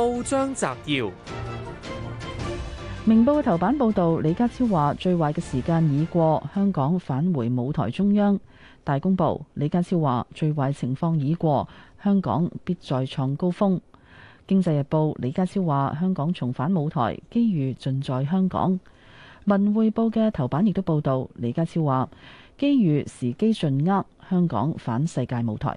報章摘要，明報嘅頭版報道李家超話：最壞嘅時間已過，香港返回舞台中央。大公報李家超話：最壞情況已過，香港必再創高峰。經濟日報李家超話：香港重返舞台，機遇盡在香港。文匯報嘅頭版亦都報道李家超話：機遇時機盡握，香港返世界舞台。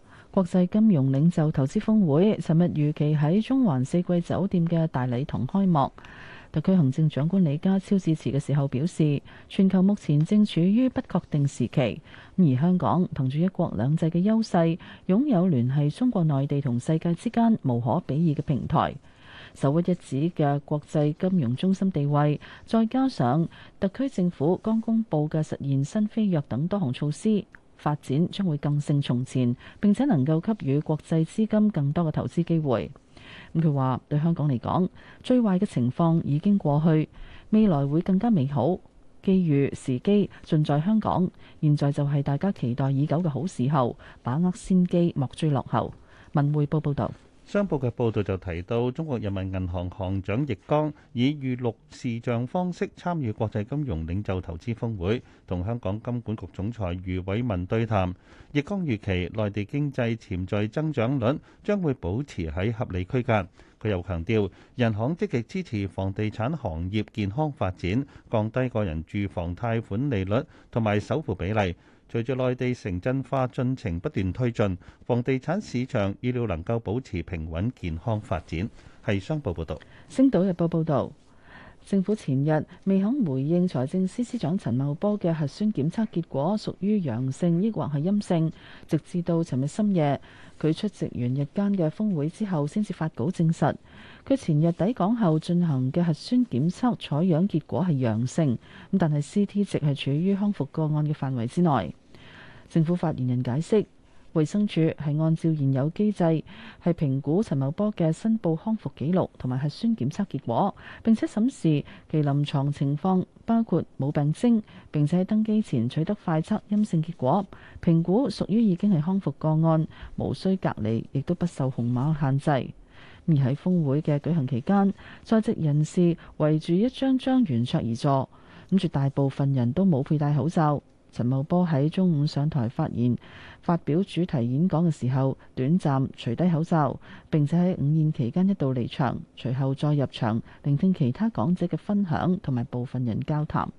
國際金融領袖投資峰會尋日預期喺中環四季酒店嘅大禮堂開幕。特區行政長官李家超致辭嘅時候表示，全球目前正處於不確定時期，而香港憑住一國兩制嘅優勢，擁有聯繫中國內地同世界之間無可比擬嘅平台，首屈一指嘅國際金融中心地位，再加上特區政府剛公布嘅實現新飛躍等多項措施。發展將會更勝從前，並且能夠給予國際資金更多嘅投資機會。咁佢話對香港嚟講，最壞嘅情況已經過去，未來會更加美好，機遇時機盡在香港，現在就係大家期待已久嘅好時候，把握先機，莫追落後。文匯報報道。商報嘅報道就提到，中國人民銀行行長易綱以預錄視像方式參與國際金融領袖投資峯會，同香港金管局總裁余偉文對談。易綱預期內地經濟潛在增長率將會保持喺合理區間。佢又強調，人行積極支持房地產行業健康發展，降低個人住房貸款利率同埋首付比例。隨住內地城鎮化進程不斷推進，房地產市場意料能夠保持平穩健康發展。係商報報道。《星島日報》報道，政府前日未肯回應財政司司長陳茂波嘅核酸檢測結果屬於陽性，抑或係陰性，直至到尋日深夜佢出席完日間嘅峰會之後，先至發稿證實佢前日抵港後進行嘅核酸檢測採樣結果係陽性，咁但係 C T 值係處於康復個案嘅範圍之內。政府發言人解釋，衛生署係按照現有機制，係評估陳茂波嘅申報康復記錄同埋核酸檢測結果，並且審視其臨床情況，包括冇病徵，並且喺登機前取得快測陰性結果，評估屬於已經係康復個案，無需隔離，亦都不受紅碼限制。而喺峰會嘅舉行期間，在職人士圍住一張張圓桌而坐，咁絕大部分人都冇佩戴口罩。陳茂波喺中午上台發言，發表主題演講嘅時候，短暫除低口罩，並且喺午宴期間一度離場，隨後再入場聆聽其他講者嘅分享，同埋部分人交談。《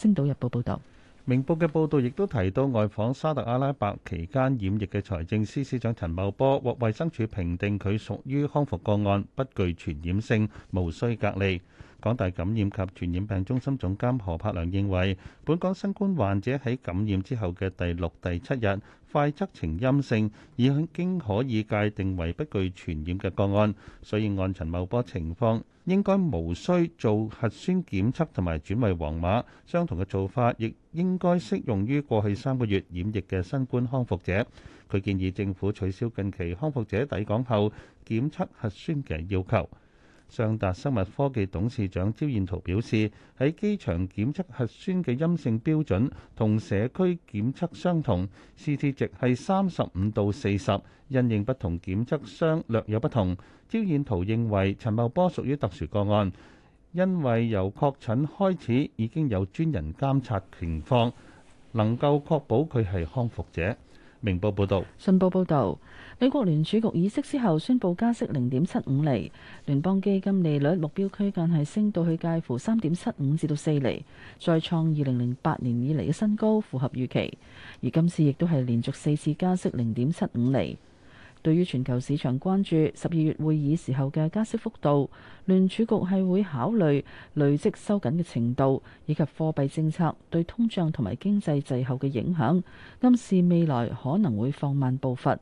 星島日報》報道，明報嘅報道亦都提到，外訪沙特阿拉伯期間染疫嘅財政司司長陳茂波獲衛生署評定佢屬於康復個案，不具傳染性，無需隔離。港大感染及傳染病中心總監何柏良認為，本港新冠患者喺感染之後嘅第六、第七日快測呈陰性，已經可以界定為不具傳染嘅個案，所以按陳茂波情況，應該無需做核酸檢測同埋轉為黃碼。相同嘅做法亦應該適用於過去三個月染疫嘅新冠康復者。佢建議政府取消近期康復者抵港後檢測核酸嘅要求。上達生物科技董事長招彥燾表示，喺機場檢測核酸嘅陰性標準同社區檢測相同，Ct 值係三十五到四十，因應不同檢測商略有不同。招彥燾認為陳茂波屬於特殊個案，因為由確診開始已經有專人監察情況，能夠確保佢係康復者。明報報道，信報報導，美國聯儲局議息之後，宣布加息零點七五厘，聯邦基金利率目標區間係升到去介乎三點七五至到四厘，再創二零零八年以嚟嘅新高，符合預期。而今次亦都係連續四次加息零點七五厘。對於全球市場關注十二月會議時候嘅加息幅度，聯儲局係會考慮累積收緊嘅程度，以及貨幣政策對通脹同埋經濟滯後嘅影響，暗示未來可能會放慢步伐。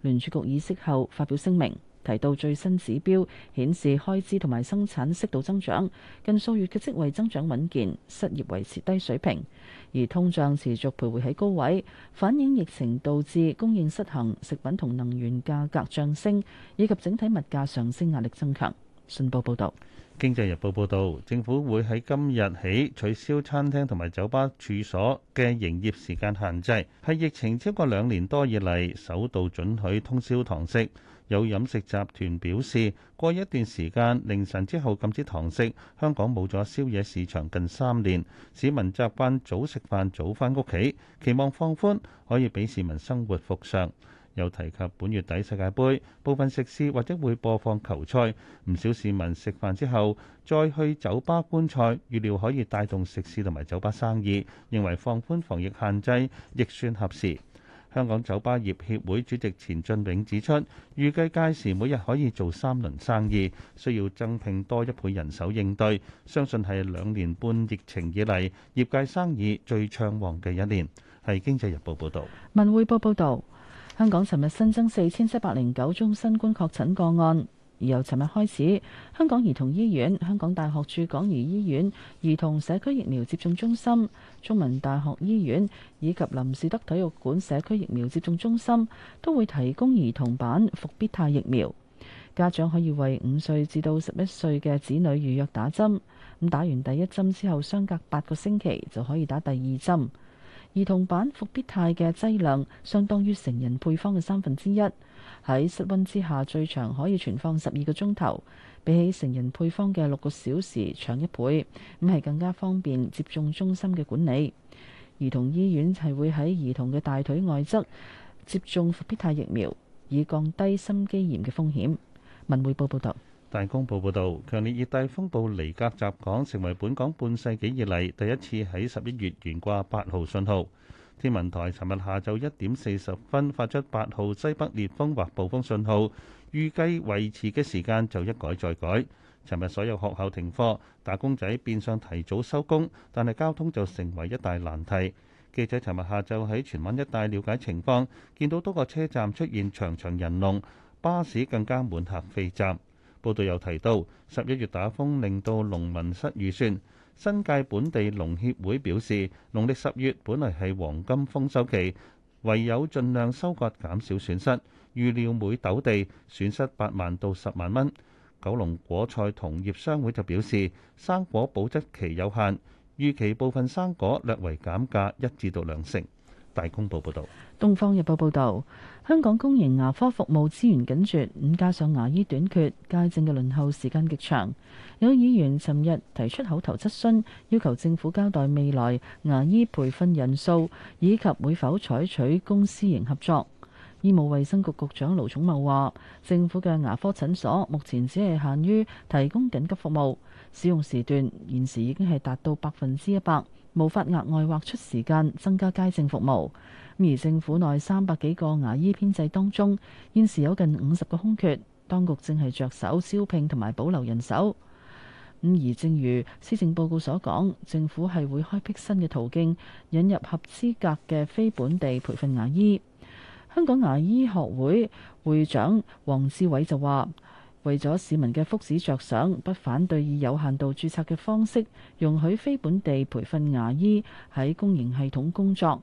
聯儲局議息後發表聲明。提到最新指標顯示開支同埋生產適度增長，近數月嘅職位增長穩健，失業維持低水平，而通脹持續徘徊喺高位，反映疫情導致供應失衡、食品同能源價格上升以及整體物價上升壓力增強。信報報導，《經濟日報》報導，政府會喺今日起取消餐廳同埋酒吧處所嘅營業時間限制，係疫情超過兩年多以嚟首度准許通宵堂食。有飲食集團表示，過一段時間凌晨之後禁止堂食。香港冇咗宵夜市場近三年，市民習慣早食飯早翻屋企，期望放寬可以俾市民生活復常。有提及本月底世界杯，部分食肆或者會播放球賽，唔少市民食飯之後再去酒吧觀賽，預料可以帶動食肆同埋酒吧生意，認為放寬防疫限制亦算合時，香港酒吧業協會主席錢俊永指出，預計屆時每日可以做三輪生意，需要增聘多一倍人手應對，相信係兩年半疫情以嚟業界生意最暢旺嘅一年。係經濟日報報道，文匯報報道。香港尋日新增四千七百零九宗新冠確診個案。而由尋日開始，香港兒童醫院、香港大學駐港兒醫院、兒童社區疫苗接種中心、中文大學醫院以及林士德體育館社區疫苗接種中心都會提供兒童版復必泰疫苗。家長可以為五歲至到十一歲嘅子女預約打針。咁打完第一針之後，相隔八個星期就可以打第二針。兒童版復必泰嘅劑量相當於成人配方嘅三分之一，喺室溫之下最長可以存放十二個鐘頭，比起成人配方嘅六個小時長一倍，咁係更加方便接種中心嘅管理。兒童醫院係會喺兒童嘅大腿外側接種復必泰疫苗，以降低心肌炎嘅風險。文匯報報道。大公報報導，強烈熱帶風暴尼格襲港，成為本港半世紀以嚟第一次喺十一月懸掛八號信號。天文台尋日下晝一點四十分發出八號西北烈風或暴風信號，預計維持嘅時間就一改再改。尋日所有學校停課，打工仔變相提早收工，但係交通就成為一大難題。記者尋日下晝喺荃灣一帶瞭解情況，見到多個車站出現長長人龍，巴士更加滿客飛站。報道又提到，十一月打風令到農民失預算。新界本地農協會表示，農曆十月本嚟係黃金豐收期，唯有盡量收割，減少損失。預料每斗地損失八萬到十萬蚊。九龍果菜同業商會就表示，生果保質期有限，預期部分生果略為減價一至到兩成。大公報報道，東方日報報道，香港公營牙科服務資源緊絀，加上牙醫短缺，街症嘅輪候時間極長。有議員尋日提出口頭質詢，要求政府交代未來牙醫培訓人數，以及會否採取公私營合作。醫務衛生局局長盧寵茂話，政府嘅牙科診所目前只係限於提供緊急服務，使用時段現時已經係達到百分之一百。無法額外劃出時間增加街政服務，而政府內三百幾個牙醫編制當中，現時有近五十個空缺，當局正係着手招聘同埋保留人手。咁而正如施政報告所講，政府係會開闢新嘅途徑，引入合資格嘅非本地培訓牙醫。香港牙醫學會會長黃志偉就話。為咗市民嘅福祉着想，不反對以有限度註冊嘅方式容許非本地培訓牙醫喺公營系統工作。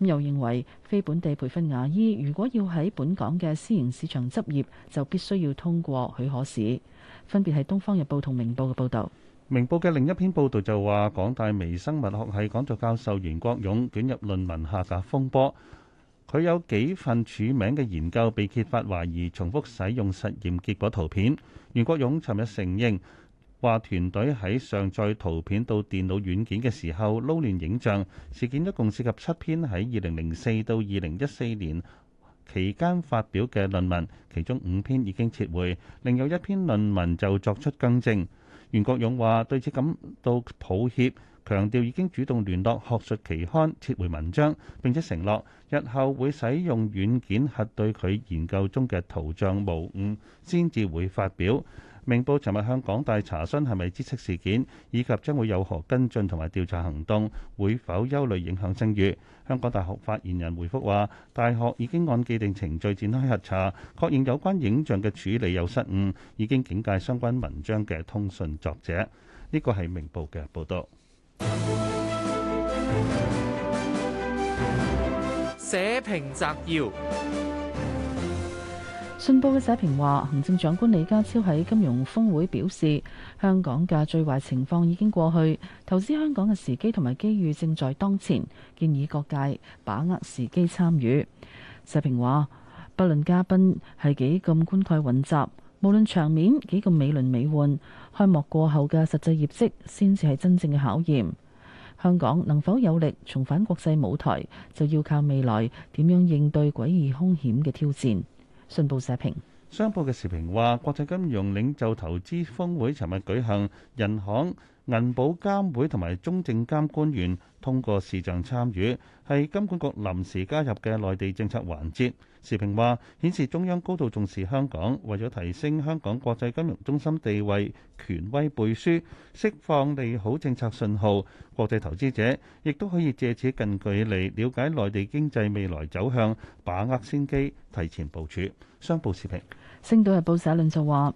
咁又認為非本地培訓牙醫如果要喺本港嘅私營市場執業，就必須要通過許可試。分別係《東方日報》同《明報》嘅報導。《明報》嘅另一篇報導就話，港大微生物學系講座教授袁國勇捲入論文下架風波。佢有幾份署名嘅研究被揭發懷疑重複使用實驗結果圖片。袁國勇尋日承認話團隊喺上載圖片到電腦軟件嘅時候撈亂影像，事件一共涉及七篇喺二零零四到二零一四年期間發表嘅論文，其中五篇已經撤回，另有一篇論文就作出更正。袁國勇話對此感到抱歉。強調已經主動聯絡學術期刊撤回文章，並且承諾日後會使用軟件核對佢研究中嘅圖像無誤先至會發表。明報尋日向港大查詢係咪知悉事件，以及將會有何跟進同埋調查行動，會否憂慮影響聲譽？香港大學發言人回覆話：大學已經按既定程序展開核查，確認有關影像嘅處理有失誤，已經警戒相關文章嘅通訊作者。呢個係明報嘅報導。社評摘要。信報嘅社評話，行政長官李家超喺金融峰會表示，香港嘅最壞情況已經過去，投資香港嘅時機同埋機遇正在當前，建議各界把握時機參與。社評話，不論嘉賓係幾咁冠蓋雲集，無論場面幾咁美輪美奐。開幕過後嘅實際業績，先至係真正嘅考驗。香港能否有力重返國際舞台，就要靠未來點樣應對詭異兇險嘅挑戰。信報社評，商報嘅時評話，國際金融領袖投資峰會尋日舉行，銀行。銀保監會同埋中證監官員通過視像參與，係金管局臨時加入嘅內地政策環節。時評話顯示中央高度重視香港，為咗提升香港國際金融中心地位，權威背書，釋放利好政策信號，國際投資者亦都可以借此近距離了解內地經濟未來走向，把握先機，提前部署。商報時評，星島日報社論就話。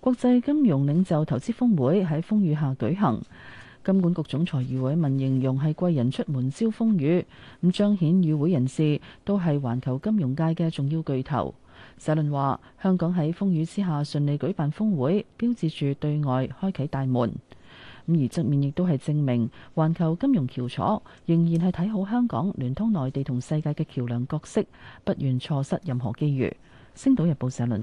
國際金融領袖投資峰會喺風雨下舉行，金管局總裁余偉文形容係貴人出門招風雨，咁彰顯與會人士都係環球金融界嘅重要巨頭。社論話，香港喺風雨之下順利舉辦峰會，標誌住對外開啟大門，咁而側面亦都係證明環球金融翹楚楚仍然係睇好香港聯通內地同世界嘅橋梁角色，不願錯失任何機遇。星島日報社論。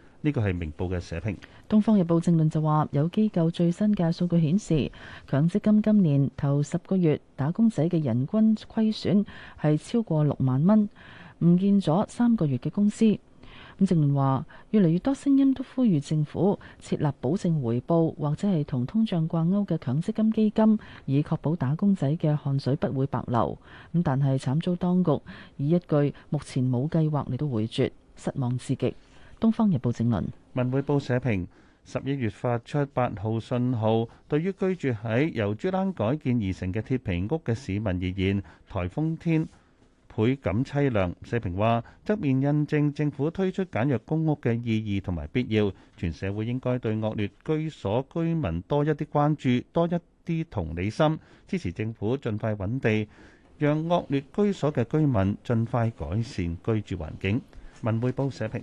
呢個係明報嘅社評。東方日報政論就話有機構最新嘅數據顯示，強積金今年頭十個月打工仔嘅人均虧損係超過六萬蚊，唔見咗三個月嘅工資。咁政論話，越嚟越多聲音都呼籲政府設立保證回報或者係同通脹掛鈎嘅強積金基金，以確保打工仔嘅汗水不會白流。咁但係慘遭當局以一句目前冇計劃嚟到回絕，失望至極。《東方日報》正論，《文匯報》社評十一月發出八號信號，對於居住喺由豬欄改建而成嘅鐵皮屋嘅市民而言，颱風天倍感淒涼。社評話：側面印證政府推出簡約公屋嘅意義同埋必要，全社會應該對惡劣居所居民多一啲關注，多一啲同理心，支持政府盡快揾地，讓惡劣居所嘅居民盡快改善居住環境。《文匯報》社評。